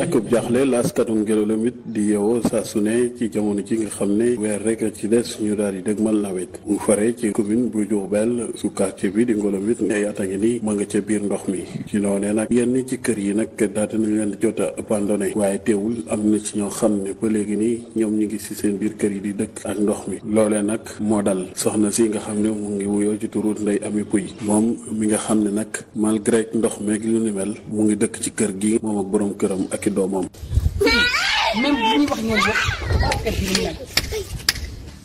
ak jaaxle askatu Ngéwélam it di yeewoo saa su ci jamono ji nga xam ne weer rek ci des ñu daal yi di dëgmal nawet mu fare ci commune bu Diourbel su quartier bi di Ngéwélam it ay at a ngi nii ma nga ca biir ndox mi ci noonee nag yenn ci kër yi nag daal dinañ leen jot a abandonné waaye teewul am na ci ñoo xam ne ba léegi nii ñoom ñu ngi si seen biir kër yi di dëkk ak ndox mi loolee nag moo dal soxna si nga xam ne mu ngi wuyoo ci turu Ndeye Amy Pouy moom mi nga xam ne nag malgré ndox meeg lu ni mel mu ngi dëkk ci kër gi moom ak borom këram ak ci doomam. même bu ñuy wax ñoom bokk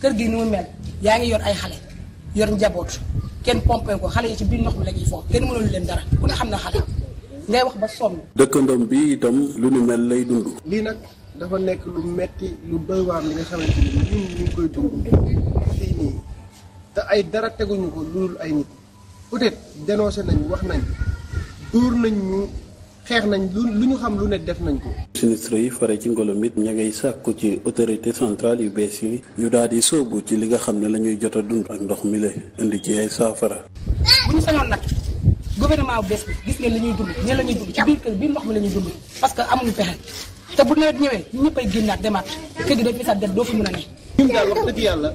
kër mu mel yaa ngi yor ay xale yor njaboot kenn pompé ko xale yi ci biir ndox mi la ñuy foofu kenn mënul leen dara ku ne xam na xale ngay wax ba sonn. dëkkandoom bi itam lu ni mel lay dund. lii nag dafa nekk lu metti lu doy li nga xamante ni ñun ñu ngi koy dund te ay dara teguñu ko lu dul ay nit peut-être dénoncé wax nañu dóor nañ ñu. xeex nañ lu lu ñu xam lu ne def nañ ko. sinistre yi fare ci Ngolomit ña ngay sàkku ci autorité centrale yu bees yi ñu daal di sóobu ci li nga xam ne la ñuy jot a dund ak ndox mi la indi ci ay saafara. bu ñu sañoon nag gouvernement bu bees bi gis ngeen la ñuy dund ñe la ñuy dund ci ndox mi la ñuy dund parce que amuñu fexe te bu nawet ñëwee ñëpp ay génnaat demaat kër gi day fisaat dem doo fi mën a ne. ñun daal wax dëgg yàlla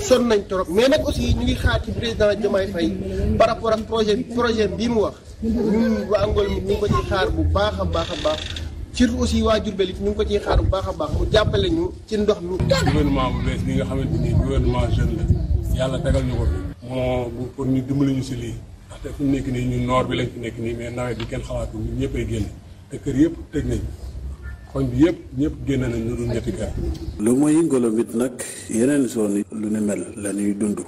sonn nañ trop mais nag aussi ñu ngi xaar ci président Diomaye Faye par rapport ak projet projet bii mu wax. ñun waa Ngol mi ñu ko ciy xaar bu baax a baax a baax surtout aussi waa Diourbel it ñu ngi ko ciy xaar bu baax a baax mu jàppale ñu ci ndox mi. gouvernement bu bees bi nga xamante ni gouvernement jeune la yàlla tegal ñu ko fi. moo pour ñu dimbali ñu si lii ndaxte fu mu nekk nii ñun noor bi lañ fi nekk nii mais nawet bi kenn xalaatul ñun ñëppay génn te kër yëpp tëj nañ koñ bi yëpp ñëpp génn nañ ñu dul ñetti kër. lu mooy Ngolom it nag yeneen zone yi. lu ne mel la ñuy dund.